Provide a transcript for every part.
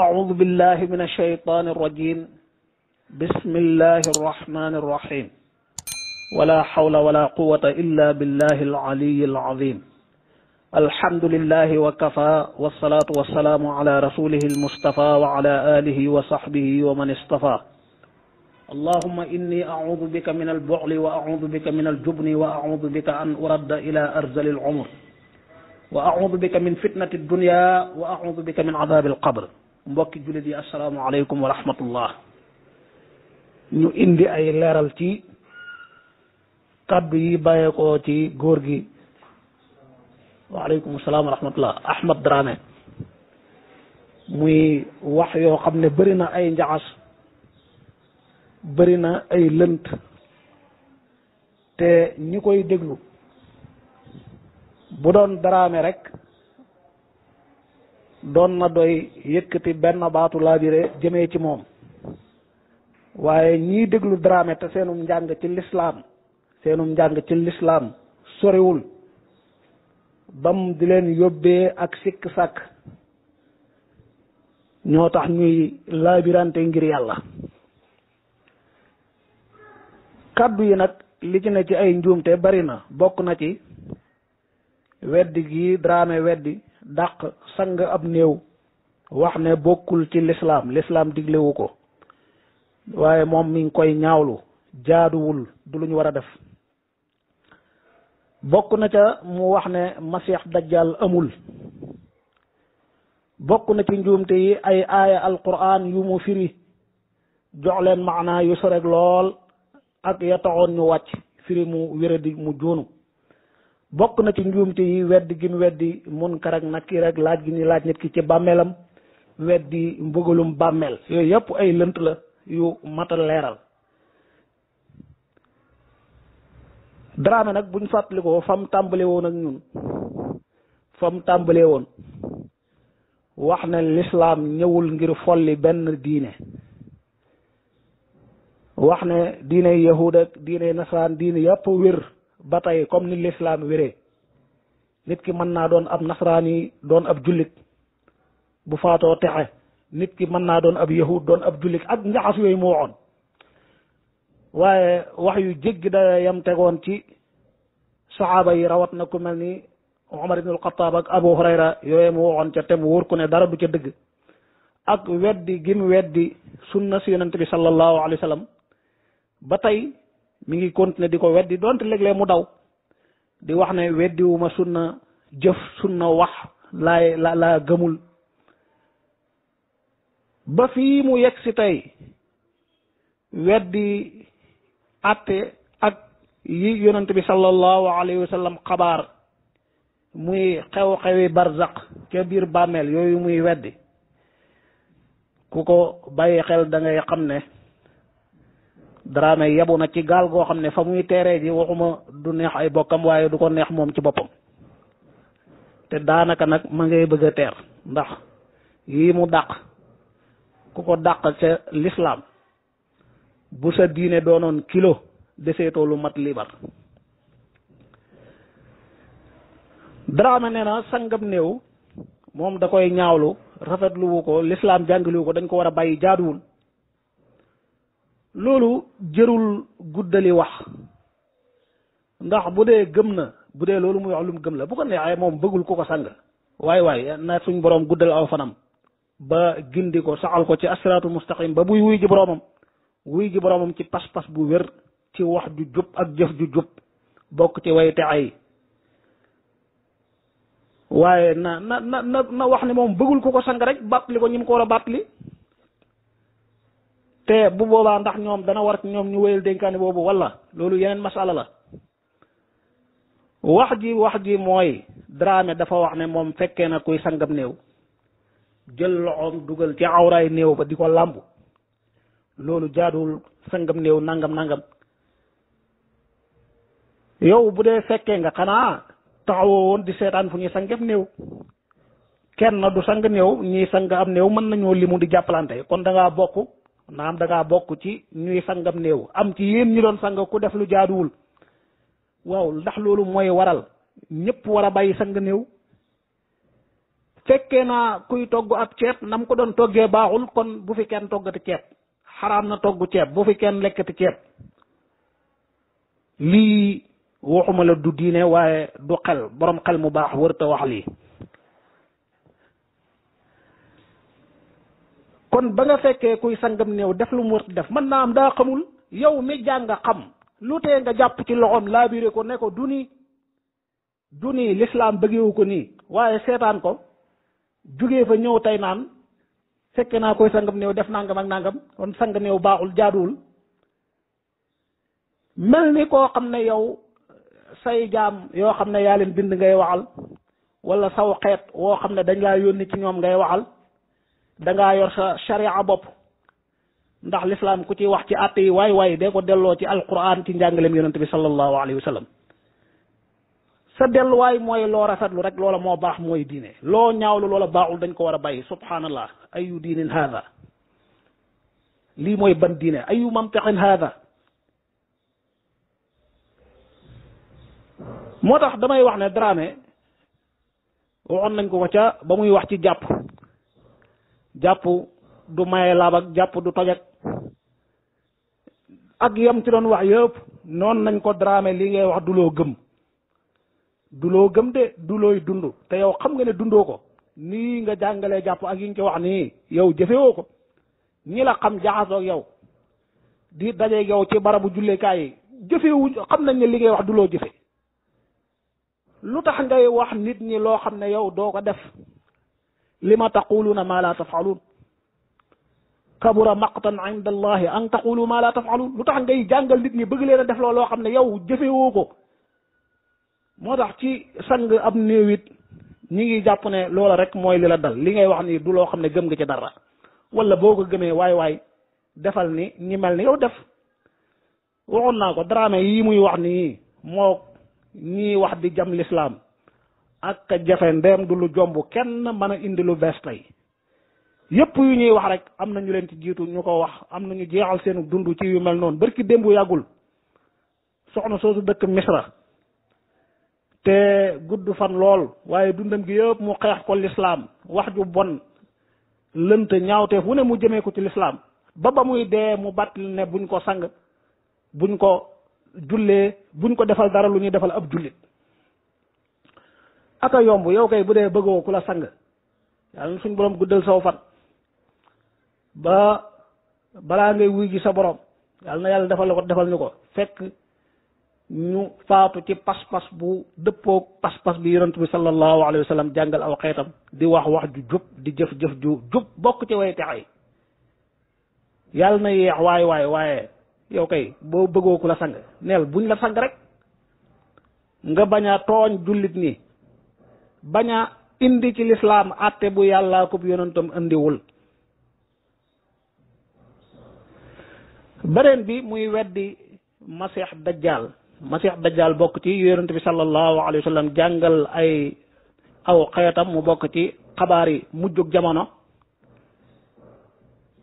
أعوذ بالله من الشيطان الرجيم بسم الله الرحمن الرحيم ولا حول ولا قوة إلا بالله العلي العظيم الحمد لله وكفى والصلاة والسلام على رسوله المصطفى وعلى آله وصحبه ومن اصطفى اللهم إني أعوذ بك من البعل وأعوذ بك من الجبن وأعوذ بك أن أرد إلى أرزل العمر وأعوذ بك من فتنة الدنيا وأعوذ بك من عذاب القبر mbokki jullit yi asalaamaaleykum wa rahmatullah ñu indi ay leeral ci kaddu yi bàyyeekoo ci góor gi waaleykum salaam wa rahmatullah Ahmad muy wax yoo xam ne bëri na ay njaxas bëri na ay lënt te ñi koy déglu bu doon daraame rek doon na doy yëkkati benn baatu laabire jëmee ci moom waaye ñii déglu Dramé te seenum njàng ci lislaam seenum njàng ci lislaam soriwul bam di leen yóbbee ak sikk sàkk ñoo tax ñuy laabirante ngir yàlla kàddu yi nag li ci ne ci ay njuumte bari na bokk na ci weddi gi Dramé weddi dàq sang ab néew wax ne bokkul ci lislaam lislaam diglewu ko waaye moom mi ngi koy ñaawlu jaaduwul du lu ñu war a def bokk na ca mu wax ne masiix dajjal amul bokk na ci njuumte yi ay aaya alquran yu mu firi jox leen maanaa yu soreg lool ak ya taxoon ñu wàcc firi mu wéradi mu joonu bokk na ci njuumte yi weddi gi mu weddi munkar ak rek ak laaj gi ñuy laaj nit ki ci bàmmeelam weddi mbugalum bàmmeel yooyu yëpp ay lënt la yu matal leeral Dramé nag buñ fàttalikoo fam tàmbale woon ak ñun fam tàmbale woon wax na lislaam ñëwul ngir folli benn diine wax na diine yahuud ak diine nasaraan diine yëpp wér ba tey comme ni lislaam wéree nit ki mën naa doon ab nasraani doon ab jullit bu faatoo texe nit ki mën naa doon ab yahud doon ab jullit ak njaxas yooyu mu waaye wax yu jéggi da yam tegoon ci saxaaba yi rawat na ku mel ni Omar ibnul Xataab ak Abu Hurayra yooye mu ca te mu ku ne dara du ca dëgg ak weddi gi mu weddi sunna si yonent bi sallallahu alayhi wa sallam ba tey mi ngi continuer di ko weddi donte léeg-léeg mu daw di wax ne weddiwuma sunna jëf sunna wax laay la laa gëmul ba fii mu yegg si tey weddi àtte ak yi yonent bi sallallahu alayhi wa sallam xabaar muy xew-xewi barzaq ca biir bàmmeel yooyu muy weddi ku ko bàyyi xel da ngay xam ne daraame yebu na ci gaal goo xam ne fa muy teeree ji waxuma du neex ay bokkam waaye du ko neex moom ci boppam te daanaka nag ma ngay bëgg a teer ndax yii mu dàq ku ko dàq ca lislaam bu sa diine doonoon kilo deseetoo lu mat liibar daraame nee na sangam néew moom da koy ñaawlu rafetluwu ko lislaam jàngaliwu ko dañ ko war a bàyyi jaaduwul loolu jërul guddali wax ndax bu dee gëm na bu dee loolu muy wax lu mu gëm la bu ko neexee moom bëggul ku ko sang waay waay na suñ boroom guddal aw fanam ba gindi ko saxal ko ci asiraatul mustaqim ba muy wuy ji boroomam wuy ji boroomam ci pas-pas bu wér ci wax ju jub ak jëf ju jub bokk ci way texe yi waaye na na na na wax ni moom bëggul ko ko sang rek bàttali ko ñi mu ko war a li te bu boobaa ndax ñoom dana war ñoom ñu wéyal dénkaane boobu wala loolu yeneen masala la wax ji wax ji mooy Dramé dafa wax ne moom fekkee na kuy sangam néew jël loxoom dugal ci awraay néew ba di ko làmb loolu jaaduwul sangam néew nangam nangam yow bu dee fekkee nga xanaa taxawoo woon di seetaan fu ñuy sangam néew kenn du sang néew ñiy sang am néew mën nañoo limu di jàppalante kon da bokk. naam da ngaa bokk ci ñuy sangam néew am ci yéen ñu doon sang ku def lu jaaduwul waaw ndax loolu mooy waral ñépp war a bàyyi sang néew fekkee na kuy togg ab ceeb nam ko doon toggee baaxul kon bu fi kenn toggati ceeb xaraam na togg ceeb bu fi kenn lekkati ceeb lii waxuma la du diine waaye du xel borom xel mu baax wërta wax lii kon ba nga fekkee kuy sangam néew def lu mu war def man naa am daa xamul yow mi jàng xam lu tee nga jàpp ci loxoom laabiré ko ne ko duni nii du lislaam bëggewu ko nii waaye seetaan ko jugee fa ñëw tey naan fekke naa koy sangam néew def nangam ak nangam kon sang néew baaxul jaaduwul mel ni koo xam ne yow say jaam yoo xam ne yaa leen bind ngay waxal walla saw xeet woo xam ne dañ laa yónni ci ñoom ngay waxal dangaa yor sa sharia bopp ndax lislaam ku ci wax ci àtte yi waay waay dee ko delloo ci alquran ci njàngaleem yonent bi sallallahu alayhi wa sallam delluwaay mooy loo rafetlu rek loola moo baax mooy diine loo ñaawlu loola baaxul dañ ko war a bay subhanallah ayu diinin haada lii mooy ban diine ayu mantiqin haada moo tax damay wax ne Dramé waxoon nañ ko ko ca ba muy wax ci jàpp jàpp du maye laab jàpp du toj ak yam ci doon wax yëpp noonu nañ ko dramé li ngay wax du loo gëm du loo gëm de du looy dund te yow xam nga ne dundoo ko nii nga jàngalee jàpp ak yiñ nga ci wax nii yow jëfewoo ko ñi la xam jaxasoo ak yow di dajeeg yow ci barabu jullekaay yi jëfewuñ xam nañ ne li ngay wax du loo jëfe lu tax ngay wax nit ñi loo xam ne yow doo ko def lima taquluuna maa laa tafaluun kabura maqtan inda allahi an taqulu maa laa tafaluun lu tax ngay jàngal nit ñi bëgg leen a def loolu loo xam ne yow jëfewoo ko moo tax ci sang ab néewit ñi ngi jàpp ne loola rek mooy lila la dal li ngay wax ni du loo xam ne gëm nga ci dara wala boo ko gëmee waay waay defal ni ñi mel ni yow def waxoon naa ko drame yii muy wax ni moo ñii wax di jam lislaam ak jafe ndeem du lu jomb kenn mën a indi lu bees tey yépp yu ñuy wax rek am na ñu leen ci jiitu ñu ko wax am na ñu jeexal seen dund ci yu mel noonu barki démb yàggul soxna soosu dëkk misra te gudd fan lool waaye dundam gi yëpp mu xeex ko lislaam wax ju bon lënt ñaawteef wu ne mu jëmee ko ci lislaam ba ba muy dee mu bàttali ne buñ ko sang buñ ko jullee buñ ko defal dara lu ñuy defal ab jullit ata yomb yow kay bu dee bëggoo ku la sang yàlla na suñ borom guddal saw fan ba balaa ngay wuy ji sa borom yàlla na yàlla defal la defal ñu ko fekk ñu faatu ci pas bu dëppoog pas-pas bi yonent wa sallam jàngal aw xeetam di wax wax ju di jëf-jëf bokk ci way na yeex waay waay waaye yow kay boo bëggoo ku la sang neel buñ la sang rek nga bañ a tooñ jullit nii bañ indi ci lislaam àtte bu yàllaa ko yonentam indiwul beneen bi muy weddi masiix dajjaal masiix dajjaal bokk ci yonent bi sallallahu alayhi wa jàngal ay aw xeetam mu bokk ci xabaar yi mujjug jamono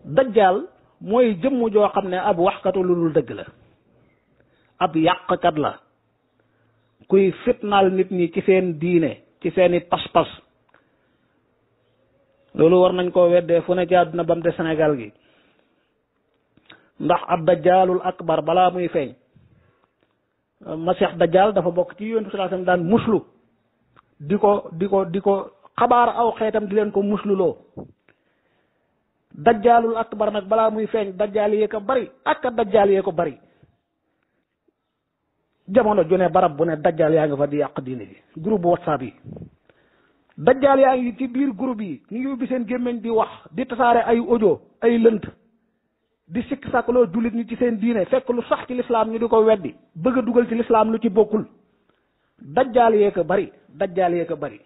dajjaal mooy jëmm joo xam ne ab waxkatu lu dul dëgg la ab yàqkat la kuy fitnaal nit ñi ci seen diine ci seeni pas-pas loolu war nañ koo weddee fu ne ci àdduna bam Sénégal gi ndax ab dajaalul akbar balaa muy feeñ masiix dajaal dafa bokk ci yonent bi daan muslu di ko di ko di ko xabaar aw xeetam di leen ko musluloo dajaalul akbar nag balaa muy feeñ dajaal yee ko bari ak dajaal yee ko bari jamono ju ne barab bu ne dajjaal yaa ngi fa di yàq diine ji groupe whatsapp yi dajjaal yaa ngi ci biir groupe yi ñu ngi ubbi seen gémmiñ di wax di tasaare ay ojo ay lënt di sikk sàkkaloo jullit ñi ci seen diine fekk lu sax ci lislaam ñu di ko weddi bëgg dugal ci lislaam lu ci bokkul dajjaal yee ko bari dajjaal yee ko bari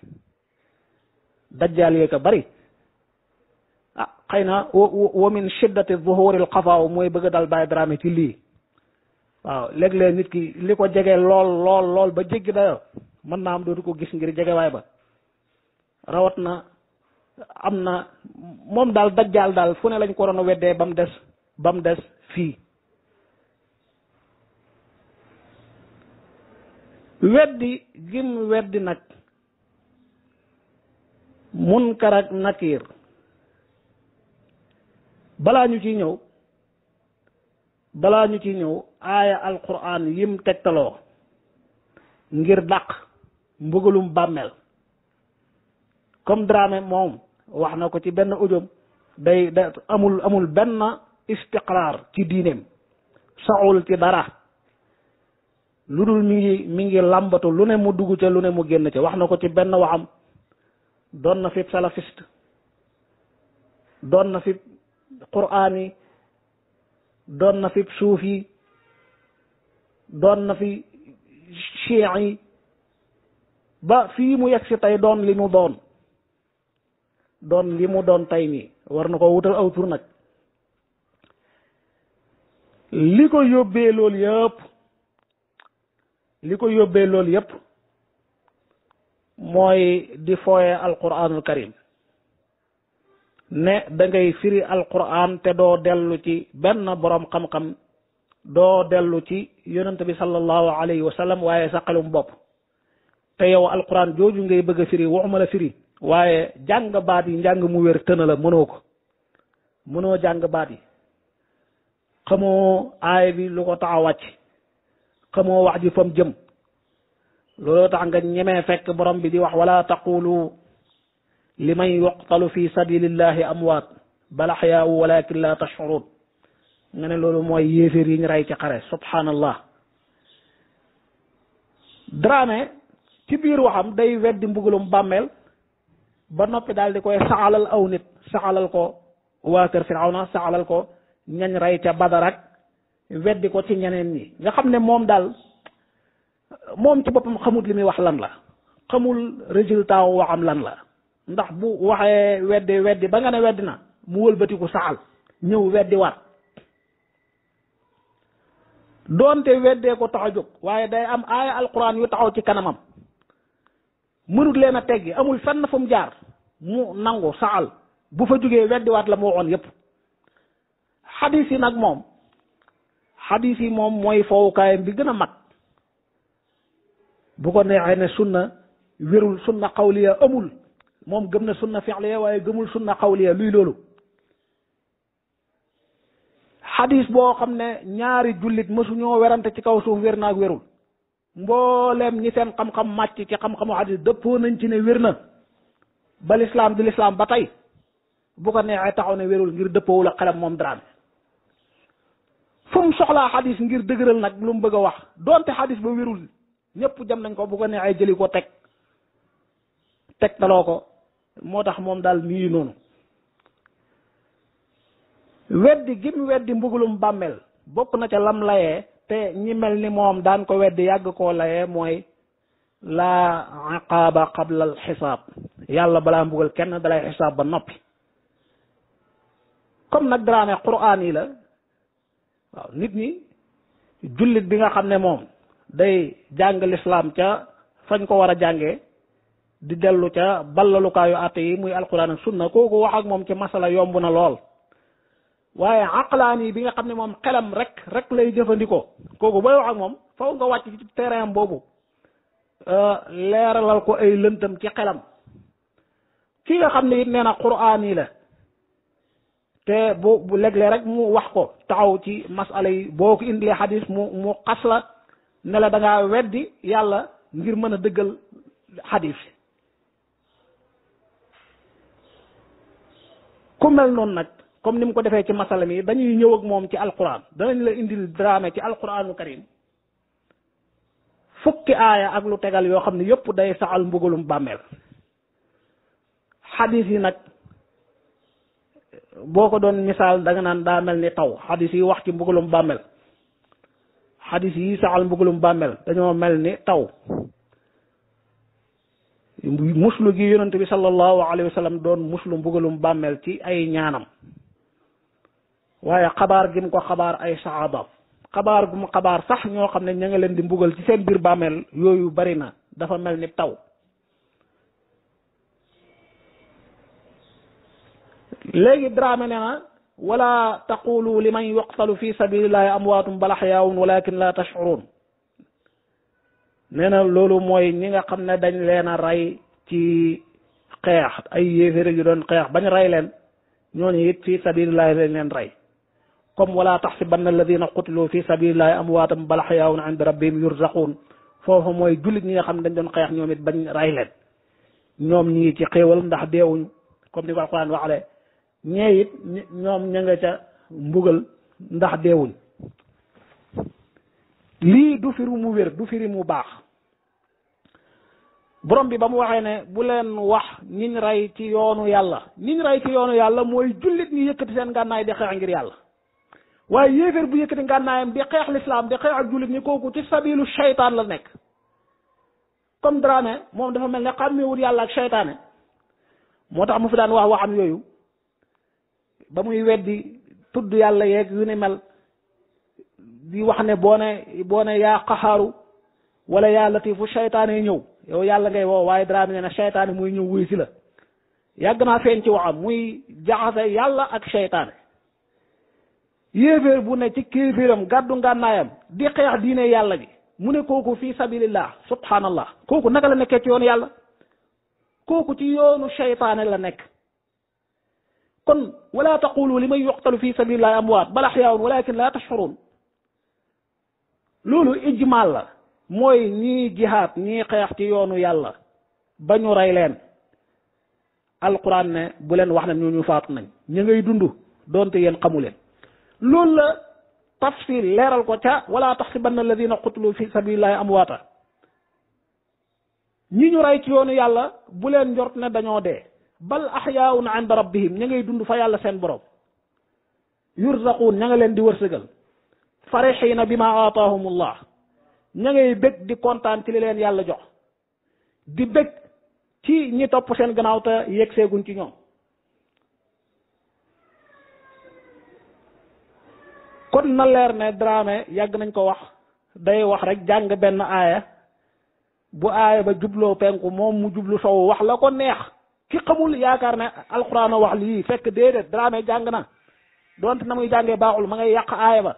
dajjaal bari ah xëy na wa wa min shiddati zuhuri al mooy bëgg a dal Baye Dramé ci lii waaw léeg nit ki li ko jege lool lool lool ba jéggi dayoo mën naa am dootu ko gis ngir jegewaay ba rawat na am na moom daal dajjaal daal fu ne lañ ko doon a weddee ba mu des ba mu des fii weddi gim weddi nag munkar ak nakiir balaa ñu ciy ñëw balaa ñu ci ñëw aaya alquran yim tegtaloo ngir dàq mbugalum bàmmeel comme Dramé moom wax na ko ci benn ujum day da amul amul benn istiqraar ci diineem saxul ci dara lu dul mi ngi mi ngi làmbatu lu ne mu dugg ca lu ne mu génn ci wax na ko ci benn waxam doon na fi salafiste doon na fi quraan doon na fi suuf yi doon na fi chiites ba fii mu yegg si tey doon li mu doon doon li mu doon tey nii war na ko wutal aw tur nag li ko yóbbee loolu yëpp li ko yóbbee loolu yëpp mooy di fooye alquranul karim ne da ngay firi alquran te doo dellu ci benn boroom xam-xam doo dellu ci yonent bi sallallahu alayhi wa sallam waaye sa xelum bopp te yow alquran jooju ngay bëgg a firi waxuma la firi waaye jàng baat yi njàng mu wér tëna la mënoo ko mënoo jàng baat yi xamoo aay bi lu ko tax a wàcc xamoo wax ji fam jëm looloo tax nga ñemee fekk borom bi di wax wala taqulu li man yuqtalu fi sabilillahi amwaat bal axyaawu walakin la tashurun nga ne loolu mooy yéeféer yi ñu rey ci xare subhanallah Dramé ci biir waxam day weddi mbugalum bàmmeel ba noppi daal di koy saxalal aw nit saxalal ko waa kër Firawna saxalal ko ñañ rey ca Badar ak weddi ko ci ñeneen ñi nga xam ne moom daal moom ci boppam xamut li wax lan la xamul résultat wu waxam lan la ndax bu waxee weddi weddi ba nga ne weddina mu wëlbatiku saxal ñëw weddi waat doonte weddee ko tax a jóg waaye day am aaya alquran yu taxaw ci kanamam mënut leen a teggi amul fenn na mu jaar mu nangu saxal bu fa jógee weddiwaat la mu waxoon yépp xadis yi nag moom xadis yi moom mooy fowukaayam bi gën a mag bu ko neexee ne sunna wérul sunna xawliya amul moom gëm na sunna fi'liya waaye gëmul sunna xawliya luy loolu xadis boo xam ne ñaari jullit mësuñoo werante ci kaw suuf wér naak wérul mbooleem ñi seen xam-xam màcc ci xam-xamu xadis dëppoo nañ ci ne wér na ba lislaam di lislaam ba tey bu ko neexee taxaw ne wérul ngir dëppoowul ak xelam moom Dramé fu mu soxlaa xadis ngir dëgëral nag lu mu bëgg a wax donte xadis ba wérul ñëpp jam nañ ko bu ko neexee jëli ko teg teg taloo ko moo tax moom daal mi noonu weddi gim weddi mbugulum bàmmeel bokk na ca lam layee te ñi mel ni moom daan ko weddi yàgg koo layee mooy laa aqaaba qabla xisaab yàlla balaa mbugal kenn dalay xisaab ba noppi comme nag daraane quraan yi la waaw nit ñi jullit bi nga xam ne moom day jàng lislaam ca fañ ko war a jàngee di dellu ca ballalukaayu àtte yi muy alquran ak sunna kooku wax ak moom ci masala yomb na lool waaye aqlaani bi nga xam ne moom xelam rek rek lay jëfandikoo kooku booy wax ak moom faw nga wàcc ci terrain boobu euh, leeralal ko ay lëntam ci xelam ki nga xam ne it nee na quraan yi la te bu bu rek mu wax ko taxaw ci masala yi boo ko indilee xadis mu mu xas la nela la da ngaa weddi yàlla ngir mën a dëggal xadis ku mel noonu nag comme ni mu ko defee ci masalam yi dañuy ñëw ak moom ci alquran danañ la indil drame ci alquranu karim fukki aaya ak lu tegal yoo xam ne yépp day saxal mbugalum bàmmeel xadis yi nag boo ko doon misaal danga naan daa mel ni taw xadis yi wax ci mbugalum bàmmeel xadis yi saxal mbugalum bàmmeel dañoo mel ni taw muslu gi yonent bi sallallahu alayhi wa sallam doon muslu mbugalum bàmmeel ci ay ñaanam waaye xabaar gi ko xabaar ay saxaabaam xabaar gu mu sax ñoo xam ne ña nga leen di mbugal ci seen biir bàmmeel yooyu bari na dafa mel ni taw léegi Dramé ne na wala taqulu liman yuqtalu fi sabilillahi amwaatum bal axyaawun walakin la tashurun nee na loolu mooy ñi nga xam ne dañ leen a rey ci xeex ay yéeféer yu doon xeex bañ rey leen ñooñu yit fii sabilillahi lañ leen rey comme wala taxsibanna alladina qutilu fi sabilillahi amwaatam bal xayaawun inda rabbihim yurzaquun foofu mooy jullit ñi nga xam ne dañ doon xeex ñoom it bañ rey leen ñoom ñi ngi ci xéewal ndax deewuñ comme ni ko alquran waxale ñee it ñoom ña nga ca mbugal ndax deewuñ lii du firi mu wér du firi mu baax borom bi ba mu waxee ne bu leen wax niñ rey ci yoonu yàlla niñ rey ci yoonu yàlla mooy jullit ñi yëkkati seen ngànnaay di xeex ngir yàlla waaye yéeféer bu yëkkati ngànnaayam di xeex lislaam di xeex ak jullit ñi kooku ci sabilu seytaan la nekk comme Dramé moom dafa mel ne xàmmeewut yàlla ak seytaane moo tax mu fi daan wax waxam yooyu ba muy weddi tudd yàlla yeeg yu ni mel di wax ne boo ne boo ne yaa qaxaaru wala yaa latifu seytaane ñëw yow yàlla ngay woo waaye Dramé nee na seytaane muy ñëw wuy si la yàgg naa feeñ ci waxam muy jaxase yàlla ak seytaane yéeféer bu ne ci kéeféeram gàddu ngànnaayam di xeex diine yàlla gi mu ne kooku fii sabilillah subhanallah kooku naka la nekkee ci yoonu yàlla kooku ci yoonu seytaane la nekk kon wala taqulu li man yuqtalu fi sabilillahi amwaat bal axyaawun walakin la tashurun loolu ijmaal mooy ñii jihaat ñii xeex ci yoonu yàlla ba ñu rey leen alquran ne bu leen wax na ñu ñu faatu nañ ñu ngay dund doonte yéen xamu leen loolu la tafsil leeral ko ca walaa wala taxsibanna alladina qutilu fi sabilillahi amwaata ñi ñu rey ci yoonu yàlla bu leen njort ne dañoo dee bal axyaaun inda rabbihim ña ngay dund fa yàlla seen borom yurzaquun ña leen di wërsëgal farixiina bima aataahumullah ña ngay bëgg di kontaan ci li leen yàlla jox di bëgg ci ñi topp seen gannaaw te yegg seeguñ ci ñoom kon na leer ne Dramé yàgg nañ ko wax day wax rek jàng benn aaya bu aaya ba jubloo penku moom mu jublu sow wax la ko neex ki xamul yaakaar ne alxuraan wax lii fekk déedéet Dramé jàng na donte na muy jàngee baaxul ma ngay yàq aaya ba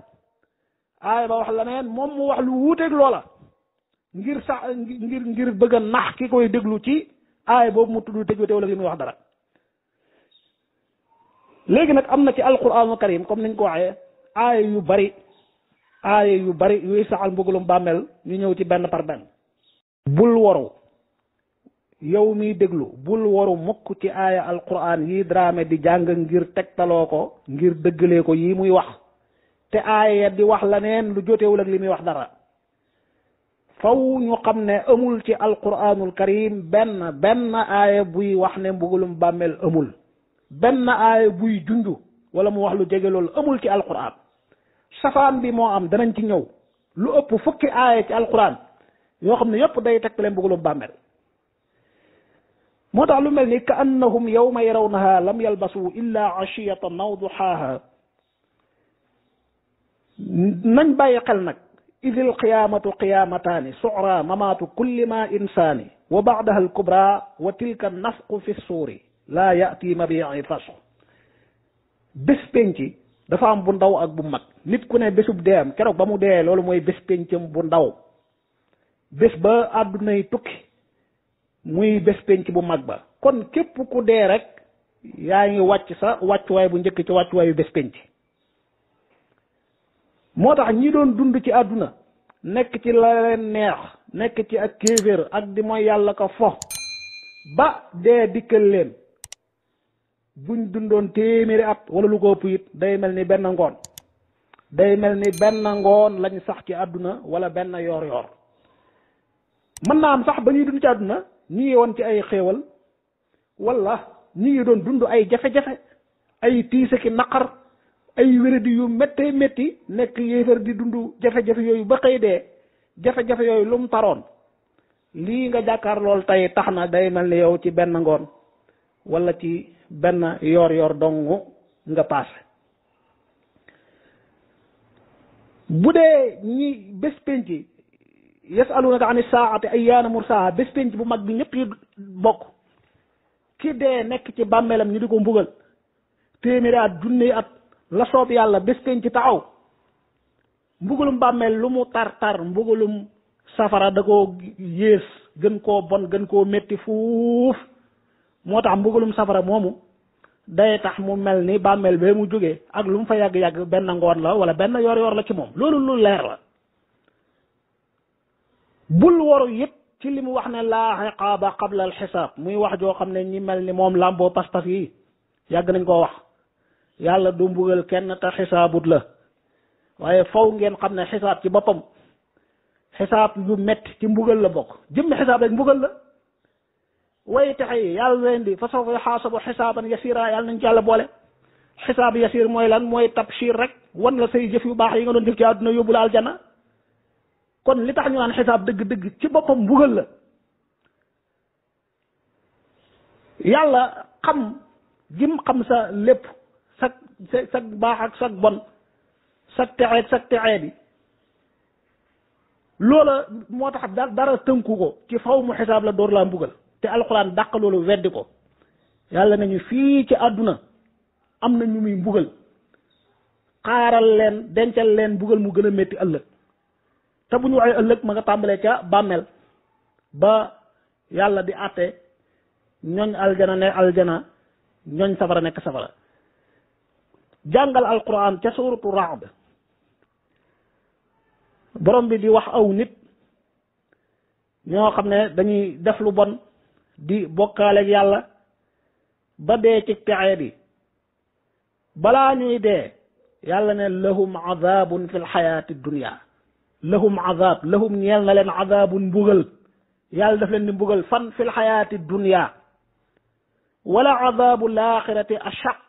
aaya ba wax la neen moom mu wax lu wuuteeg loola ngir sax ngir ngir bëgg a nax ki koy déglu ci aaya boobu mu tudd tëj wala li muy wax dara léegi nag am na ci alquranul karim comme nañ ko waxee aaya yu bari aaya yu bari yuy saxal mbugulum bàmmeel ñu ñëw ci benn par benn bul waru yow miy déglu bul waru mukk ci aaya alquran yi Dramé di jàng ngir tegtaloo ko ngir dëggalee ko yi muy wax te aaya di wax la neen lu jotewul ak li muy wax dara faw ñu xam ne amul ci alquranul karim benn benn aaya buy wax ne mbugulum bàmmeel amul benn aaya buy junj wala mu wax lu jege loolu amul ci alquran safaan bi moo am danañ ci ñëw lu ëpp fukki aaya ci alquran yoo xam ne yépp day tegtale mbugulum bàmmeel moo tax lu mel ni yow annahum yawma yarawnaha lam yalbasu illa ashiyatan aw duhaaha nañ bàyyi xel nag idil qiyaamatu qiyaamataani sucra mamaatu kulli ma insaani wa bacdaha alkubra wa tilka nafqu fi suuri laa yaati mabici fasx bés penc dafa am bu ndaw ak bu mag nit ku ne bésub deeyam keroog ba mu dee loolu mooy bés pencam bu ndaw bés ba àdduna yi tukki muy bés penc bu mag ba kon képp ku dee rek yaa ngi wàcc sa wàccuwaay bu njëkk ci wàccuwaayu bés penc moo tax ñi doon dund ci àdduna nekk ci la leen neex nekk ci ak kéeféer ak di mooy yàlla ko fo ba dee dikkal leen buñ dundoon téeméeri at wala lu ko ëpp it day mel ni benn ngoon day mel ni benn ngoon lañ sax ci àdduna wala benn yoor yoor mën naa am sax ba ñuy dund ci àdduna ñi ngi ci ay xéewal walla ñi ngi doon dund ay jafe-jafe ay tiise ki naqar ay wéradi yu méttee métti nekk yéefar di dund jafe-jafe yooyu ba xëy dee jafe-jafe yooyu lu mu taroon lii nga jàkkaar lool tey tax na day mel ni yow ci benn ngoon wala ci benn yor-yor dong nga paase. bu dee ñi bés penc yasalunaka ani saati ayyaana mursaa bés penc bu mag bi ñëpp yi bokk ki dee nekk ci bàmmeelam ñi di ko mbugal téeméeri at junni at la soob yàlla bés pénc ci taxaw mbugalum bàmmeel lu mu tar tar mbugalum safara da ko yées gën koo bon gën koo métti fuuf moo tax mbugalum safara moomu day tax mu mel ni bàmmeel bee mu jóge ak lu mu fa yàgg-yàgg benn ngoon la wala benn yor yor la ci moom loolu lu leer la bul waru yëpp ci li mu wax ne laa iqaaba qabla al muy wax joo xam ne ñi mel ni moom làmboo pas-pas yi yàgg nañ koo wax yàlla du mbugal kenn te xisaabut la waaye faw ngeen xam ne xisaab ci boppam xisaab yu metti ci mbugal la bokk jëmmi xisaab rek mbugal la waaye taxe yi yàlla leen di fa sawfa yuxaasabu xisaaban yasira yàlla nañ ci yàlla boole xisaab yasir mooy lan mooy tabshir rek wan la say jëf yu baax yi nga doon jëf ci àdduna yóbbu la aljana kon li tax ñu naan xisaab dëgg-dëgg ci boppam mbugal la yàlla xam jim xam sa lépp sag sag baax ak sag bon sag texee bi loola moo tax dara tënku ko ci faw mu xisaab la door laa mbugal te alxuraan dàq loolu weddi ko yàlla na nañu fii ci àdduna am na ñu muy mbugal xaaral leen dencal leen mbugal mu gën a metti ëllëg te bu ñu waxee ëllëg ma nga tàmbalee ca bàmmeel ba yàlla di àtte ñooñ aljana ne aljana ñooñ safara nekk safara jàngal alquran ca suuratu raad borom bi di wax aw nit ñoo xam ne dañuy def lu bon di bokkaaleeg yàlla ba dee ci pexe bi balaa ñuy dee yàlla ne lahum azabun fi lxayaati dunia lahum azab lahum ñeel na leen azabun mbugal yàlla daf leen di mbugal fan fi lxayaati dunia wala azabu laaxirati achaq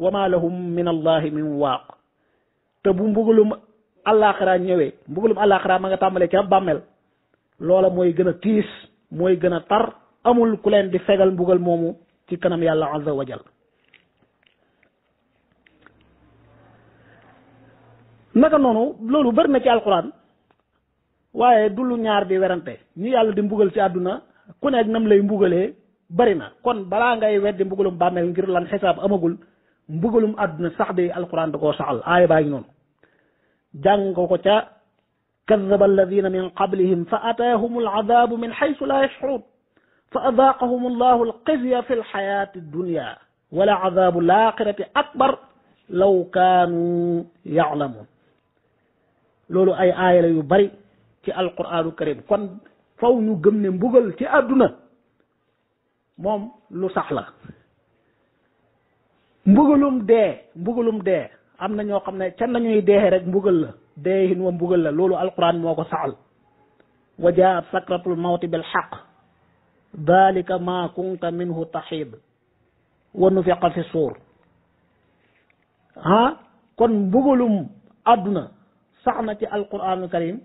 wa ma lahum min allahi min waaq te bu mbugalum àllaaxira ñëwee mbugalum àllaaxira ma nga tàmbalee ca bàmmeel loola mooy gën a tiis mooy gën a tar amul ku leen di fegal mbugal moomu ci kanam yàlla azza wa jal naka noonu loolu bari na ci alquran waaye du ñaar di werante ñi yàlla di mbugal ci àdduna ku nekk nam lay mbugalee bari na kon balaa ngay weddi mbugalum bàmmeel ngir lan xisaab amagul mbugalum àdduna sax de alquran da koo saxal aaya baa ngi noonu ko ca kadaba alladina min qablihim fa ataahum aladabu min xaysu la yashcuruun fa adaaqahum allahu alxizya fi alxayaati addunia wala adabu laaxirati akbar law kaanu yaclamuun loolu ay aaya la yu bari ci alquranu karim kon faw ñu gëm ne ci àdduna moom lu sax la mbugalum dee mbugalum dee am na ñoo xam ne can nañuy dee rek mbugal la dee hin wa mbugal la loolu alquran moo ko saxal wa jaat sakratul mawti bil xaq dalika ma kunta minhu taxiid wa nufiqa fi suur ah kon mbugalum àdduna sax na ci alquranul karim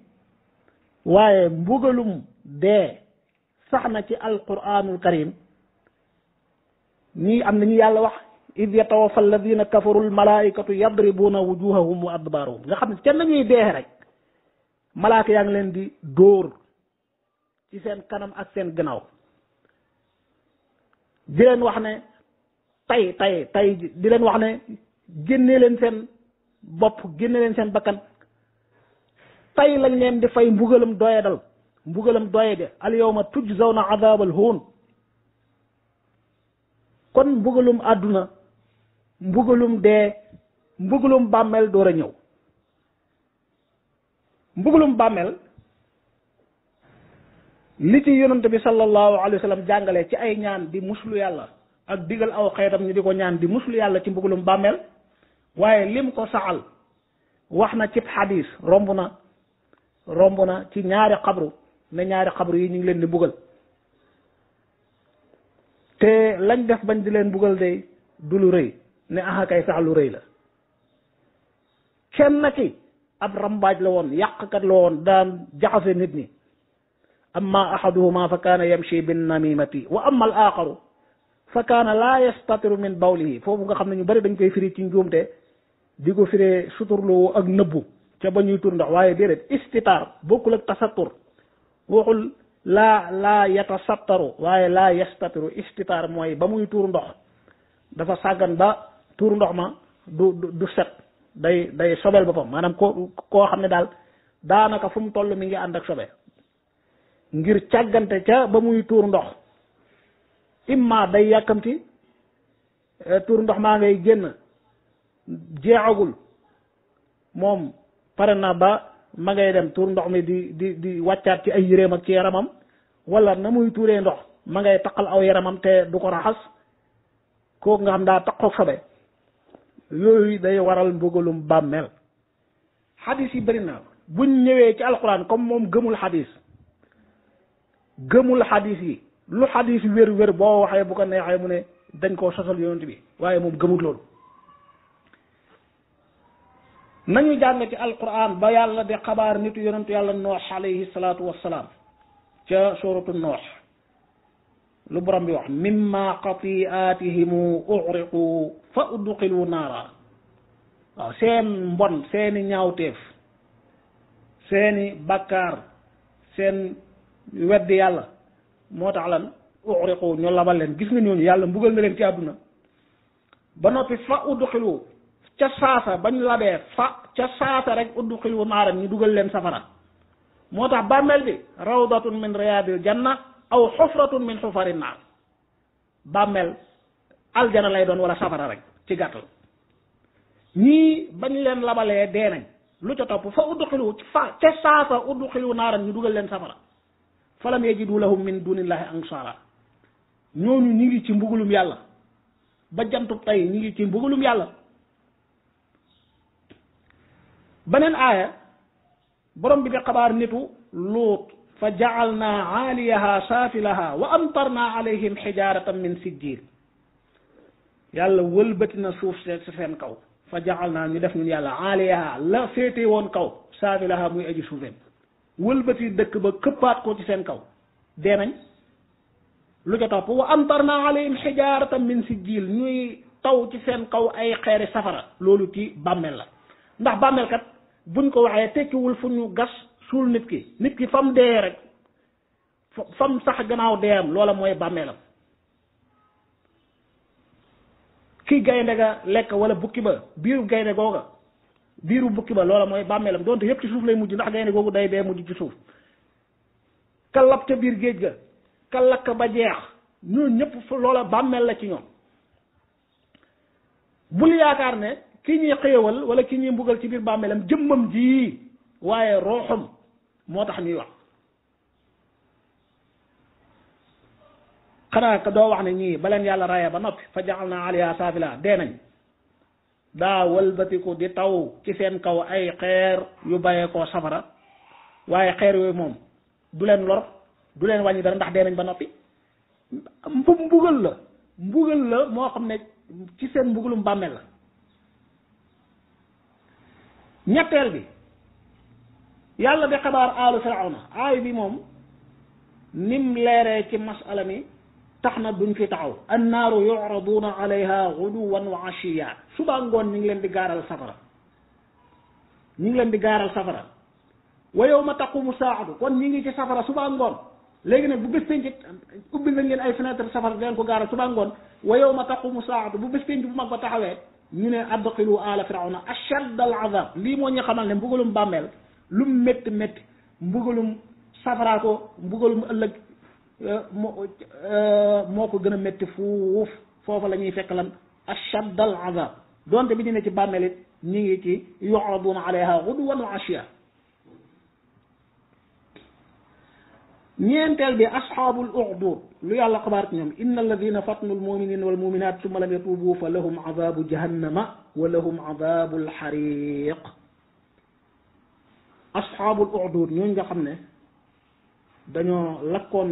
waaye mbugalum dee sax na ci alquranul karim ñii am na ñu yàlla wax id yatawafa alladina kafaru almalaikatu yadribuna wujuhahum wa adbarahum nga xam ne ca nañuy deexe rek malaaka leen di dóor ci seen kanam ak seen gannaaw di leen wax ne tay tay tay di leen wax ne génne leen seen bopp génne leen seen bakkan tay lañ leen di fay mbugalam doye dal mbugalam doye de al yawma tujzawna adabal hoon kon mbugalum àdduna mbugalum dee mbugalum bàmmeel door a ñëw mbugalum bàmmeel li ci yonante bi sallallahu alayhi wa jàngale ci ay ñaan di muslu yàlla ak digal aw xeetam ñu di ko ñaan di muslu yàlla ci mbugalum bàmmeel waaye lim ko saxal wax na cib xadis romb na romb na ci ñaari xabru ne ñaari xabru yi ñu ngi leen di mbugal te lañ def bañ di leen mbugal de du lu rëy ne axa kay sax lu rëy la kenn ki ab rambaaj la woon yàqkat la woon daan jaxase nit ñi amma ahaduhuma fa kaana yamshi bin namimati wa amma al axaru fa kaana laa yastatiru min bawlihi foofu nga xam ne ñu bari dañ koy firi ci njuumte di ko firee suturloo ak nëbbu ca ba ñuy tur ndax waaye déedéet istitaar bokkul ak tasattur waxul laa waaye laa yastapiru istitaar ba muy tuur ndox dafa sàggan ba tuur ndox ma du du set day day sobel boppam maanaam ko koo xam ne daal daanaka fu mu toll mi ngi àndak ak sobe ngir càggante ca ba muy tuur ndox imma day yàkkamti eh, tuur ndox maa ngay génn jeexagul moom pare na ba ma ngay dem tuur ndox mi di di di wàccaat ci ay yéreem ci yaramam wala na muy tuure ndox ma ngay taqal aw yaramam te du ko raxas kooku nga xam daa taqoog sobe yooyu day waral mbugalum bàmmeel xadis yi bëri na buñ ñëwee ci alxuraan comme moom gëmul xadis gëmul xadis yi lu xadis wér wér boo waxee bu ko neexee mu ne dañ koo sosal yonent bi waaye moom gëmut loolu nañu jàng ci alquran ba yàlla di xabaar nit yonentu yàlla noox alayhi salaatu wassalaam ca suuratu noox lu borom bi wax mimma xatiaatihimu uxriqu fa udxilu naara waaw seen mbon seeni ñaawteef seeni bakkaar seen weddi yàlla moo tax lan uxriqu ñu labal leen gis nga ñooñu yàlla mbugal na leen ci àdduna ba noppi fa udxilu ca saasa bañ labee fa ca saasa rek udxilu naara ñu dugal leen safara moo tax bàmmeel bi rawdatun min riyaadil janna aw xufratun min xufari naar bàmmeel aljana lay doon wala safara rek ci gàttal ñii bañ leen labalee dee nañ lu ca topp fa udxilu fa ca saasa udxilu naaran ñu dugal leen safara falam yajidu lahum min dunillahi ansaara ñooñu ñi ngi ci mbugulum yàlla ba jantub tey ñi ngi ci mbugulum yàlla beneen aaya borom bi di xabaar nitu luut fa jaalnaa aaliyaha saafilaha wa amtarnaa alayhim xijaaratan min sijjiil yàlla wëlbati na suuf si seen kaw fa jaalnaa ñu def ñun yàlla aaliyaha la féete woon kaw saafilaha muy aji suufeem wëlbati dëkk ba këppaat ko ci seen kaw dee nañ lu ca topp wa amtarnaa alayhim xijaaratan min sijjiil ñuy taw ci seen kaw ay xeeri safara loolu ci bàmmeel la ndax bàmmeel kat buñ ko waxee tekkiwul fu ñu gas suul nit ki nit ki fam dee rek fam sax gannaaw deeyam loola mooy bàmmeelam ki gaynde ga lekk wala bukki ba biiru gaynde googa biiru bukki ba loola mooy bàmmeelam donte yëpp ci suuf lay mujj ndax gaynde googu day bee mujj ci suuf ka ca biir géej ga ka ba jeex ñooñu ñëpp loola bàmmeel la ci ñoom bul yaakaar ne ki ñuy xëyewal wala ki ñuy mbugal ci biir bàmmeelam jëmmam ji waaye rooxam moo tax ñuy wax xanaa ka doo wax ne ñii baleen yàlla raya ba noppi fa jaxal naa aliya saafila dee nañ daa wëlbatiku di taw ci seen kaw ay xeer yu bàyyee koo safara waaye xeer yooyu moom du leen lor du leen wàññi dara ndax dee nañ ba noppi mbugal la mbugal la moo xam ne ci seen mbugalum bàmmeel la ñetteel bi yàlla di xabaar aalu firawna aay bi moom nim leeree ci masala mi tax na duñ fi taxaw annaaru yuraduna alayha guduwan wa ashiya suba ngoon ngi leen di gaaral safara ñu ngi leen di gaaral safara wa yawma taqumu saatu kon ñu ngi ci safara suba ngoon léegi nag bu bés penc ubbi leen ay fenêtre safara deen ko gaaral suba ngoon wa yawma taqumu saatu bu bés penc bu mag ba taxawee ñu ne adxilu aala firawna ashadda al azab lii moo ñu xamal ne mbugalum bàmmeel lum métti métti mbugalum safaraa ko mbugalum ëllëg euh, euh, moo ko gën a métti fuuf foofa la ñuy fekk lan ashadd al azab donte bi ñu ne ci bàmmeelit ñu ngi ci yuraduna alayha guduwan wa ashiya ñeenteel bi asxaabul uxduud lu yàlla xabaar ci ñoom inna alladina fatnu almuminin walmuminat summa lam yatubu fa lahum azabu jahannama wa lahum azabu alxariq asxaabul uxduud ñooñ nga xam ne dañoo lakkoon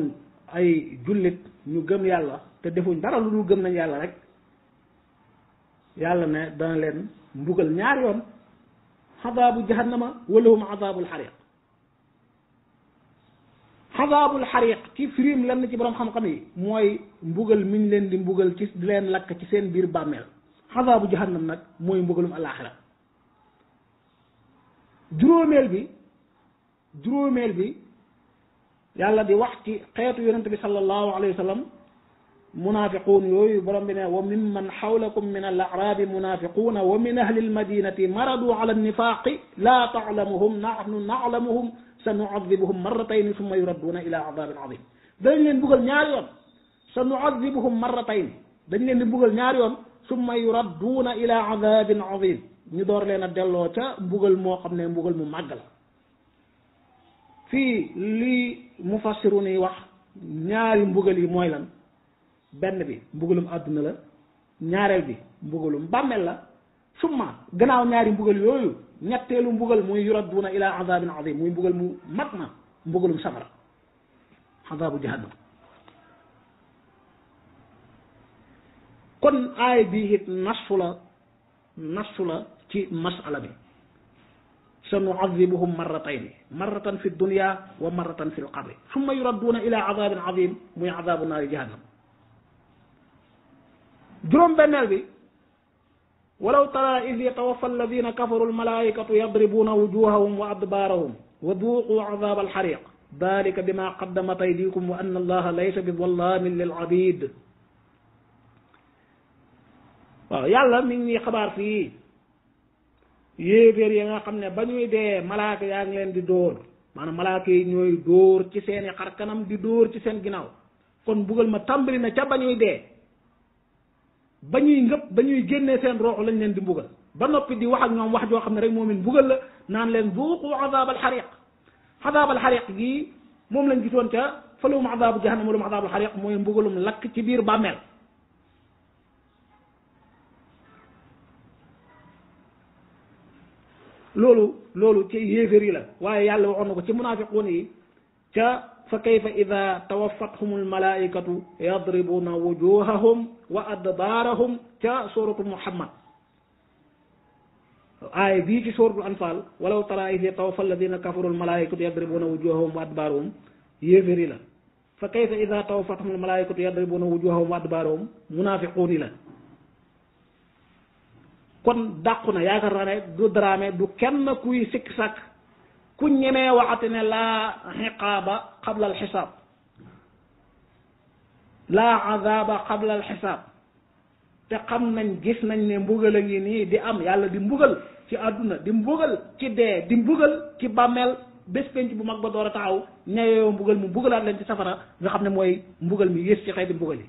ay jullit ñu gëm yàlla te defuñ dara lu dul gëm nañ yàlla rek yàlla ne dana leen mbugal ñaar yoon xadaabu jahannama walahum xadaabul xariq xadaabul xariq ci firim lenn ci boroom xam-xam yi mooy mbugal miñ leen di mbugal ci di leen lakk ci seen biir bàmmeel xadaabu jahannam nag mooy mbugalum alaaxira juróomeel bi juróomeel bi yàlla di wax ci xeetu yonent bi sallallahu alayhi wa sallam munaafiquun yooyu borom bi ne wa mimman xawlakum min al arabi munaafiquuna wa min ahli almadinati maradu ala annifaaqi laa taalamuhum nahnu naalamuhum sa nuadibuhum marratayn summa yuradduuna ila adabin adim dañ leen buggal ñaari yoon sa nuadibuhum marratayn dañ leen di buggal ñaari yoon summa yuradduuna ila adabin adim ñu door leen a delloo ca mbugal moo xam ne mbugal mu màgg fii li mufassirun yi wax ñaari mbugal yi mooy lan benn bi mbugalum àdduna la ñaareel bi mbugalum bàmmeel la summa gannaaw ñaari mbugal yooyu ñetteelu mbugal muy yuradduuna ila azabin azim muy mbugal mu mag ma mbugalum safara azabu jahannam kon aay bii it nastu la ci masala bi sa nuadibuhum marratayn marratan fi dunya wa marratan fi lqabri summa yuradduuna ila adabin azim muy adabu naari jahannam juróom-benneel bi walaw tara id yatawafa alladina kafaru almalaikatu yadribuuna wujuhahum wa adbaarahum wa duuqu adab alxariq dalika bima qaddamat aydikum wa anna allaha laysa bi dallamin lil abid waaw yàlla mi ngi xabaar fii yéeféer ya nga xam ne ba ñuy dee malaaka yaa ngi leen di dóor maanaam malaaka yi ñooy dóor ci seeni xar kanam di dóor ci seen ginnaaw kon bugal ma tàmbali na ca ba ñuy dee ba ñuy ngëpp ba ñuy génnee seen rooxu lañ leen di mbugal ba noppi di wax ak ñoom wax joo xam ne rek moom it mbugal la naan leen buuqu azaabal xariq azaabal xariq gi moom lañ gisoon ca falum azaabu jahannam walum mooy mbugalum lakk ci biir bàmmeel loolu loolu ci yéeféer yi la waaye yàlla waxoon na ko ci munaafiquun yi ca fa kayfa ida tawaffatuhum almalaikatu yadribuna wujuhahum wa adbaarahum ca suratu muhammad aaya bii ci suratul anfal walaw tara isi tawafa alladina kafaru almalaikatu yadribuna wujuhahum wa adbaarahum yéeféer yi la fa kayfa ida tawaffatuhum almalaikatu yadribuna wujuhahum wa adbaarahum munaafiquun yi la kon dàqu na yaakaar naa ne du daraame du kenn kuy sikk sàkk ku ñemee waxati ne laa xiqaaba qabla al laa azaaba qabla al xisaab te xam nañ gis nañ ne mbugal a ngi nii di am yàlla di mbugal ci àdduna di mbugal ci dee di mbugal ci bàmmeel bés penc bu mag ba door a taxaw ñeyoo mbugal mu mbugalaat leen ci safara nga xam ne mooy mbugal mi yées ci xeeti mbugal yi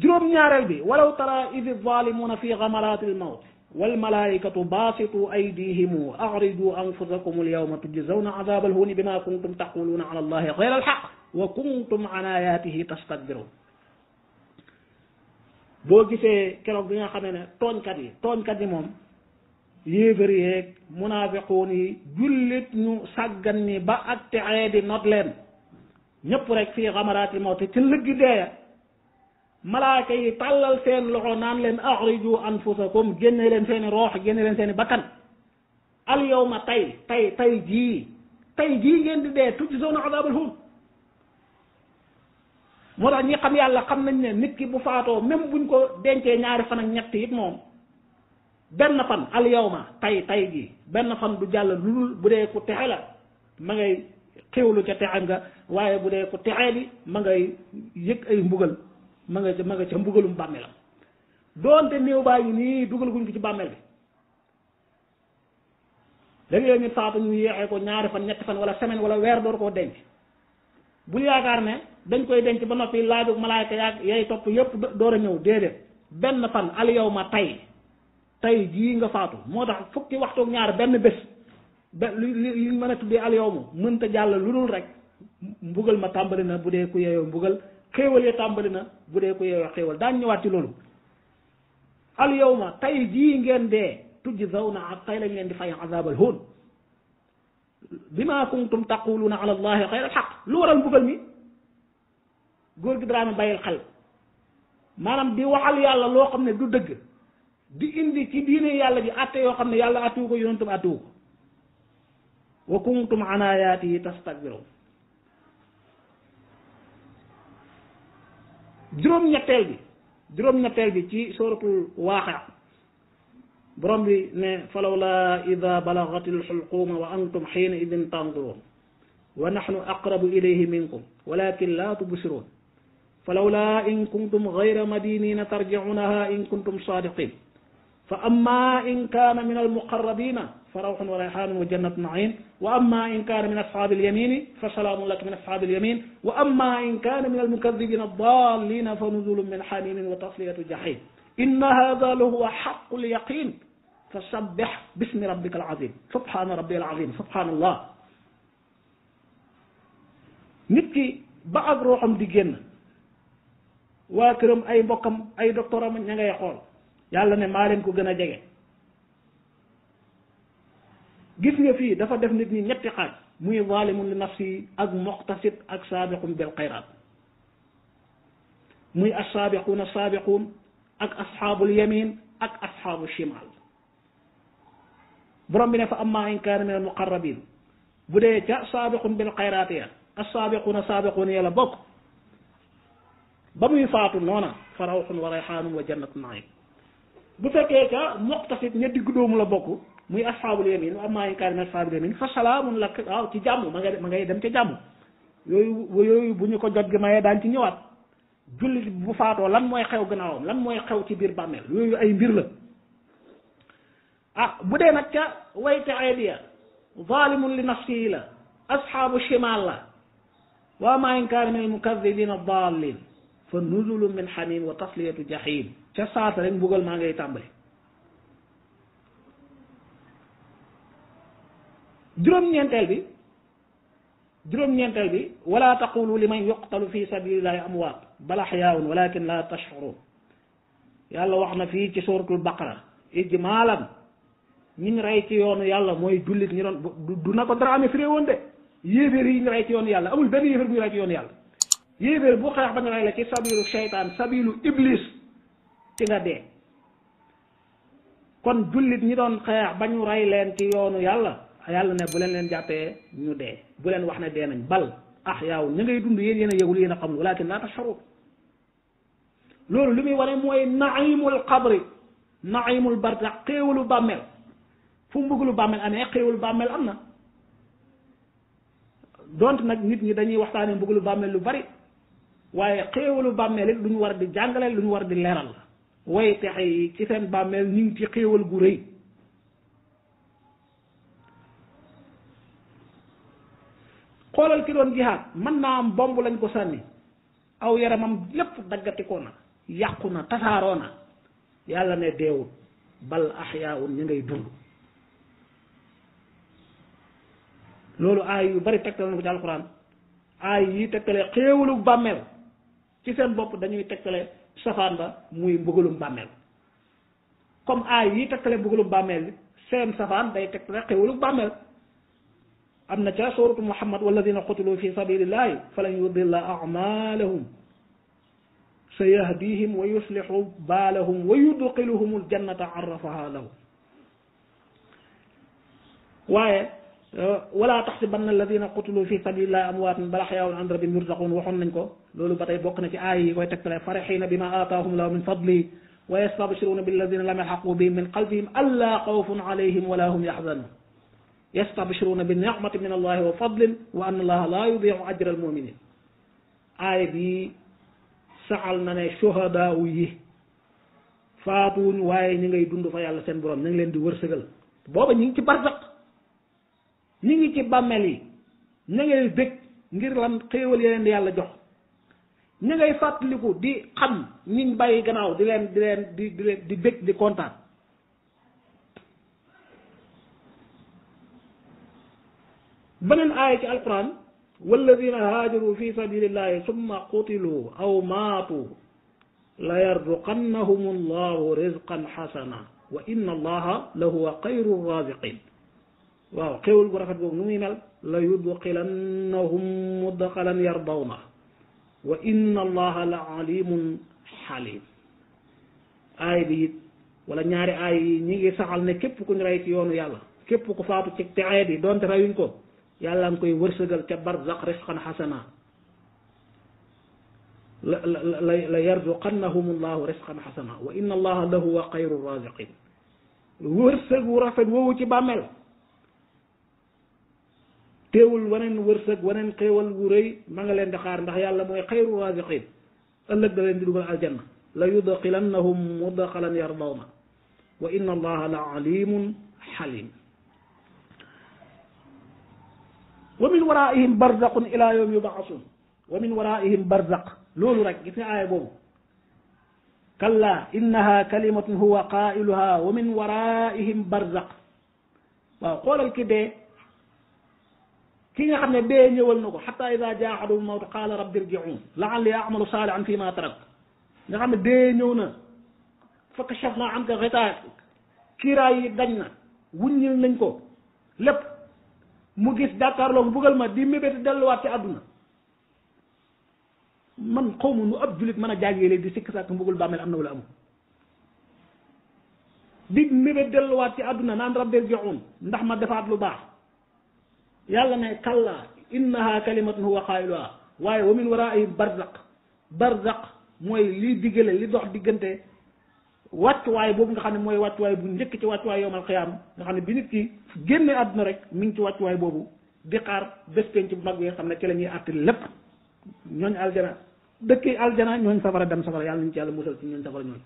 juróom-ñaareel bi walaw tara idi zalimuna fi gamarati lmawt walmalaikatu basitu aydihimu acridu anfusakum alyawma tujzawna azaba alhuni bima kuntum taquluna ala allahi gayra alxaq wa kuntum an ayatihi tastakbirun boo gisee keroog bi nga xamee ne tooñkat yi tooñkat yi moom yéefar yeeg munaafiquun yi jullit ñu sàggan ni ba ak texee di not leen ñëpp rek fii xamaraati moo te ci lëggi deeya malaaka yi tàllal seen loxo naan leen axriju anfusakum génne leen seeni roox génne leen seeni bakkan al yawma tay tay tay jii tay jii ngeen di dee tuuti zone azabul hum moo tax ñi xam yàlla xam nañ ne nit ki bu faatoo même buñ ko dencee ñaari fan ak ñett it moom benn fan al yawma tay tay jii benn fan du jàll lu dul bu dee ku texe la ma ngay xiwlu ca texe nga waaye bu dee ku texee bi ma ngay yëg ay mbugal ma nga ma nga ca mbugalum bàmmeelam doonte néew baa ngi nii dugal guñ ko ci bàmmeel bi léeg-léeg ñu faatu ñu yéexee ko ñaari fan ñetti fan wala semaine wala weer door koo denc bul yaakaar ne dañ koy denc ba noppi laaju malaayka yaag yay topp yépp door a ñëw déedéet benn fan al ma tay tay jii nga faatu moo tax fukki waxtu ñaari ñaar benn bés ba lu li mën a tuddee al yow mënta jàll lu dul rek mbugal ma tàmbali na bu dee ku yeyoo mbugal xéewal ya tàmbali na bu dee ko yeewee xéewal daan ñëwaat ci al yawma tay jii ngeen dee tujzawna ak tay lañ leen di fay azabal hoon bima kuntum taquluuna ala allahi xayral xaq mbugal mi góor gi daraame bàyyil xel maanaam di waxal yàlla loo xam ne du dëgg di indi ki diine yàlla ji atte yoo xam ne yàlla attiwu ko yonentum attiwu ko kuntum an ayaatihi tastakbiroon juróom-ñetteel bi juróom-ñetteel bi ci sooratul waaqia borom bi ne falawla ida balagati lxulquuma wa antum xiina idin tanduroon wa naxnu aqrabu ilayhi minkum walakin la tubsiroon falawla in kuntum gayra madinina tarjicunaha in kuntum saadiqin fa amma in kaana min almuqarrabina fa rawxun wa rayxaanun wa jannatu naim wa amma in kaana min ashaabi alyamini fa salaamun laka min ashaabi alyamin wa amma in kaana min almukadibina addalina fa nuzulun min xamimin wa tasliyatu jahim inna hada lahuwa xaqu lyaqin fa sabbix bismi rabbika alazim subhaana rabbi alazim subhaanallah nit ki ba ak ruuxam di génn waa këram ay mbokkam ay doctoram ña ngay xool yàlla ne maa leen ko gën a jege gis nga fii dafa def nit ni ñetti xaaj muy zalimun li nafsi ak muqtasid ak saabiqun bil xayraat muy assaabiquun assaabiquun ak asxaabul yamin ak asxaabu shimal borom bi ne fa amma in kaana min al muqarrabin bu dee ca saabiqun bil xayraat ya assaabiquun assaabiquun ya la bokk ba muy faatu noona fa rawxun wa rayxaanun wa jannatu naim bu fekkee ka muqtasid ñetti digg la bokk muy asxaabul yamin wa ammaa kaana asxaabul yamin fa salaamun lak waaw ci jàmm ma ngay dem ca jàmm yooyu yooyu bu ñu ko jot gi mayee daan ci ñëwaat jullit bu faatoo lan mooy xew gannaawam lan mooy xew ci biir bàmmeel yooyu ay mbir la ah bu dee nag ca wayte aydiya zalimun li nafsihi la asxaabu shimal la wa ammaa kaana min almukadibina dallin fa nuzulu min xamim wa tasliyatu jahim ca saasa rek mbugal maa ngay tàmbali juróom-ñeenteel bi juróom-ñeenteel bi wala taqulu li man yuqtalu fi sabilillahi amwaat bal axyaawun walakin la tashurun yàlla wax na fii ci suratul baqara ijmaalan ñiñ rey ci yoonu yàlla mooy jullit ñi doon du na ko dara amee firée woon de yéeféer yi ñu rey ci yoonu yàlla amul benn yéeféer bu ñu rey ci yoonu yàlla yéeféer bu xeex ba ñu ci nga dee kon jullit ñi doon xeex ba ñu rey leen ci yoonu yàlla yàlla ne bu leen leen jàppee ñu dee bu leen wax ne dee nañ bal ah yaaw ña dund yéen yéen a yëgul yéen a xamul walakin laa tashurun loolu li muy wane mooy naimul qabri naimul barza xéewalu bàmmeel fu mbugulu bàmmeel amee xéewalu bàmmeel am na donte nag nit ñi dañuy waxtaane mbugulu bàmmeel lu bari waaye xéewalu bàmmeel it lu ñu war di jàngale lu ñu war di leera way texe yi ci seen bàmmeel ñu ngi ci xéewal gu rëy xoolal ki doon jihaat mën naa am bomb lañ ko sànni aw yaramam lépp daggati na yàqu na tasaaroo na yàlla ne deewut bal axyaawun ñu ngay dund loolu aay yu bari tegtal na ko ci alxuraan aay yi tegtale xéewalu bàmmeel ci seen bopp dañuy tegtale safaan ba muy mbugalum bàmmeel comme aay yi takkale mbugalum bàmmeel bi seen safaan day takkale xéwalu bàmmeel am na ca suuratu muhammad walladina qutilu fi sabilillahi falan yudilla amalahum sa yahdihim wa yuslihu baalahum wa yudxiluhum aljannata arrafaha lahum waaye Euh, wala taxsibanna alladina qutilu fi sabilillahi amwaatan bal ahyaun inda rabbihim yurzaqun waxoon nañ ko loolu ba tey bokk na ci aay yi koy tegtale farihina bima aataahum llahu min fadli wa yastabshiruna billadina lam yalhaqu bihim min qalbihim alla xawfun alayhim wala hum yaxzanun yastabshiruna bi nicmati min allahi wa fadlin wa anna allaha la yudiu ajra almuminin aay bi saxal na ne shuhadaaw yi faatuwuñ waaye ñi ngay dund fa yàlla seen borom ñu ngi leen di wërsëgal booba ñi ngi ci barzaq ñi ngi ci bàmmeel yi ña ngay bég ngir lan xéewal yeneen di yàlla jox ña ngay fàttaliku di xam ñiñ bàyyi gannaaw di leen di leen di di leen di bég di beneen aaya ci alquran walladina haajaru fi sabilillahi summa qutilu aw maatu la yarzuqannahum allahu rizqan xasana wa inna allaha la huwa xayru raziqin waaw xéwal bu rafet boobu nu muy mel la yudxilannahum mudxalan yardawna wa inna allaha la alimun xalim aay bi it wala ñaari aay yi ñi ngi saxal ne képp ku ñu rey ci yoonu yàlla képp ku faatu ci texee bi doonte reyuñ ko yàlla nga koy wërsëgal ca barzax rifqan xasana la la la yarzuqannahum allahu rifqan xasana wa inna allaha lahu wa xayru raziqin wërsëg wu rafet woowu ci bàmmeel teewul waneen wërsëg waneen xéewal wu rëy ma nga leen di xaar ndax yàlla mooy xayru raziqin ëllëg da leen di dugal aljanna la yudxilannahum mudxalan yardawna wa inna allaha la alimun xalim wa min waraihim barzaqun ila yawm yubaasun wa min waraihim barzaq loolu rek gis nga aaya boobu kalla innaha kalimatun huwa qailuha wa min waraihim barzaq waaw xoolal ki dee ki nga xam ne dee ñëwal na ko xata ida jaa adul mawt qaala rabbi irjiun laalli amalu saalihan fi ma tarak xam ne dee ñëw na fa kashaf naa yi dañ na wuññil nañ ko lépp mu gis jàkkaarloog bugal ma di mébéti delluwaat ci àdduna man xaw ma nu ab julit mën a jaagee léegi di sikk sàkk mbugul am na wala amul di mébét delluwaat ci àdduna naan rabbi irjiun ndax ma defaat lu baax yàlla ne kallaa innaha kalimatun huwa qaa'iluhaa waaye wa min waraa'ihim barzaq barzaq mooy liy diggale li dox diggante wàccuwaay boobu nga xam ne mooy wàccuwaay bu njëkk ci wàccuwaay yowmal xiyaam nga xam ne bi nit ki génne àdduna rek mi ngi ci wàccuwaay boobu di xaar bés penc bu mag bi nga xam ne ci la ñuy àtt lépp ñooñ aljana dëkki aljana ñooñ safara dem safara yàlla nañ ci yàlla musal ci ñooñ safara ñooñ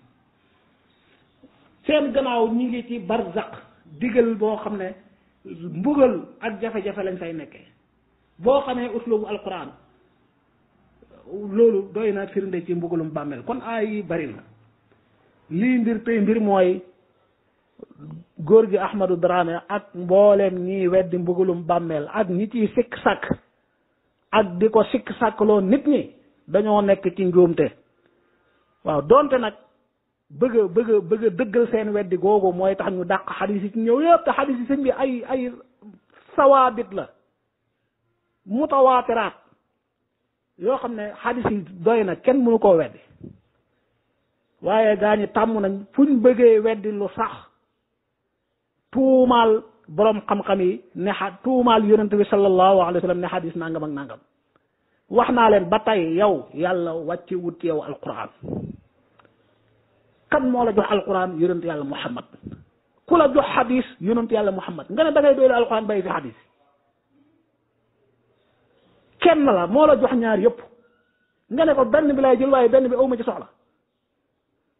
seen gannaaw ñi ngi ci barzaq digal boo xam ne mbugal ak jafe-jafe lañ fay nekkee boo xamee uslubu alquran loolu doy na firnde ci mbugalum bàmmeel kon aay yi bari na lii mbir tey mbir mooy góor gi Ahmadou Dramé ak mbooleem ñiy weddi mbugalum bàmmeel ak ñi ciy sikk sàkk ak di ko sikk sàkkloo nit ñi dañoo nekk ci njuumte waaw donte nag bëgg bëgg bëgg a dëggal seen weddi googu mooy tax ñu dàq xadis yi ci ñëw yëpp te xadis yi sëñ bi ay ay sawaabit la mutawaatiraat yoo xam ne xadis yi doy na kenn mënu koo weddi waaye gaa ñi tàmm nañ fuñ bëggee weddi lu sax tuumaal boroom xam-xam yi ne xa tuumaal yonent bi sallallahu alayhi wa sallam ne xadis nangam nangam wax naa leen ba tey yow yàlla wàcce wut yow alquran kan moo la jox alquran yonent yàlla muhammad ku la jox xadis yonent yàlla muhammad nga ne da ngay doylu alquran bàyyi fi xadis kenn la moo la jox ñaar yëpp nga ne ko benn bi laay jël waaye benn bi awma ci soxla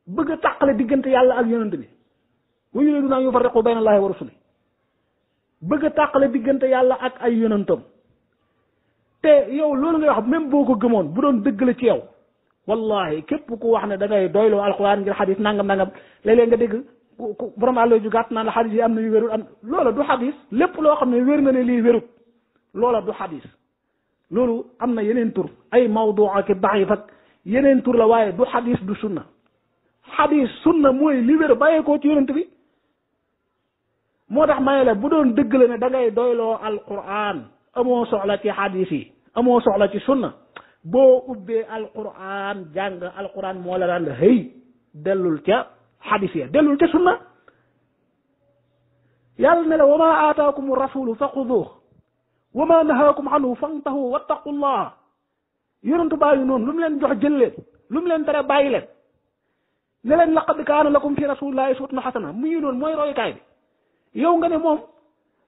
bëgg a tàqale diggante yàlla ak yonent bi wa yuriduna an yufarriqu bayna allahi wa diggante yàlla ak ay yonentam te yow loolu ngay wax même boo ko gëmoon bu doon dëgg la ci yow wallahi képp ku wax ne da ngay doyloo alquran ngir xadis nangam nangam léeg-léeg nga dégg ku borom àll ju gàtt naan la xadis yi am na yu wérut am loola du xadis lépp loo xam ne wér nga ne lii wérut loola du xadis loolu am na yeneen tur ay mawdu ak daif ak yeneen tur la waaye du xadis du sunna xadis sunna mooy li wér bàyyeekoo ci yonent bi moo tax maye la bu doon dëgg la ne da ngay doyloo amoo soxla ci xadis amoo soxla ci sunna boo ubbee alquran jàng alquran moo la daan hëy dellul ca xadis ya dellul ca sunna yàlla ne la wa ma aataakum rasulu fa xuduux wa ma nahaakum anhu fantahu wattaqullah yonentu bàyyi noonu lu mu jox jël lu mu leen tere bàyyi leen ne leen laqad kaana lakum fi rasulillahi uswatun xasana mu ngi noonu mooy royukaay bi yow nga ne moom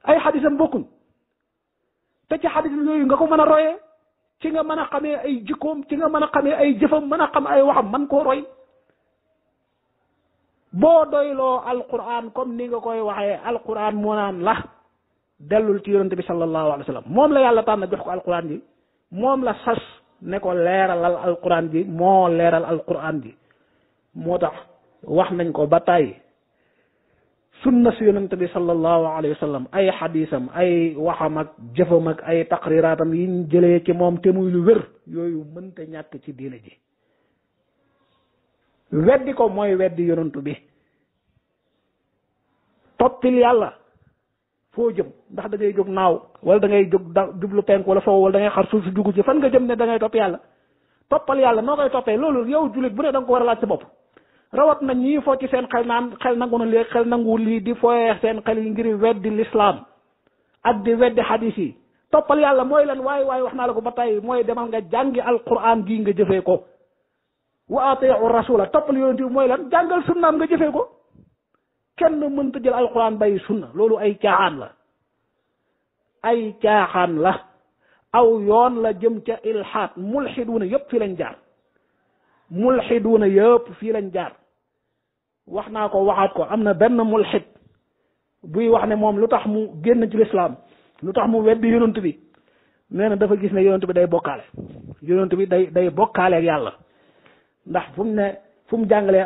ay xadisam bokkuñ te ci xadis yooyu nga ko mën a royee ci nga mën a xamee ay jikkoom ci nga mën a xamee ay jëfam mën a xam ay waxam man koo roy boo doyloo alquran comme ni nga koy waxee alquran moo naan la dellul ci yonante bi sallallahu alayhi wa sallam moom la yàlla tànn jox ko alquran ji moom la sas ne ko leeralal alquran ji moo leeral alquran ji moo tax wax nañ ko ba tàyyi sunna si yonent bi sallallahu alayhi wa sallam ay xadisam ay waxam ak jëfam ak ay taqriraatam yiñ jëlee ci moom te muy lu wér yooyu mënta ñàkk ci diina ji weddi ko mooy weddi yonent bi toppil yàlla foo jëm ndax da ngay jóg naaw wala da ngay jóg da jublu penk wala soow wala da ngay xar suuf si dugg ci fan nga jëm ne da ngay topp yàlla toppal yàlla noo koy toppee loolu yow jullit bu da nga ko war bopp rawat na ñii foo ci seen xel naan xel nangu lii xel nangu lii di fooyee seen xel yi ngir weddi lislaam ak di weddi xadis yi toppal yàlla mooy lan waaye waaye wax naa la ko ba tey mooy demal nga jàngi alquran gii nga jëfee ko wa atiu rasula toppal yonent bi mooy lan jàngal sunnaam nga jëfee ko kenn mënta jël ba bàyyi sunna loolu ay caaxaan la ay caaxaan la aw yoon la jëm ca ilxaat mulxiduuna yëpp fii lañ jaar mulxiduuna yëpp fii lañ jaar wax naa ko waxaat ko am na benn mulxit buy wax ne moom lu tax mu génn ci lislaam lu tax mu weddi yonent bi nee na dafa gis ne yonent bi day bokkaale yonent bi day day bokkaale ak yàlla ndax fu mu ne fu mu jàngalee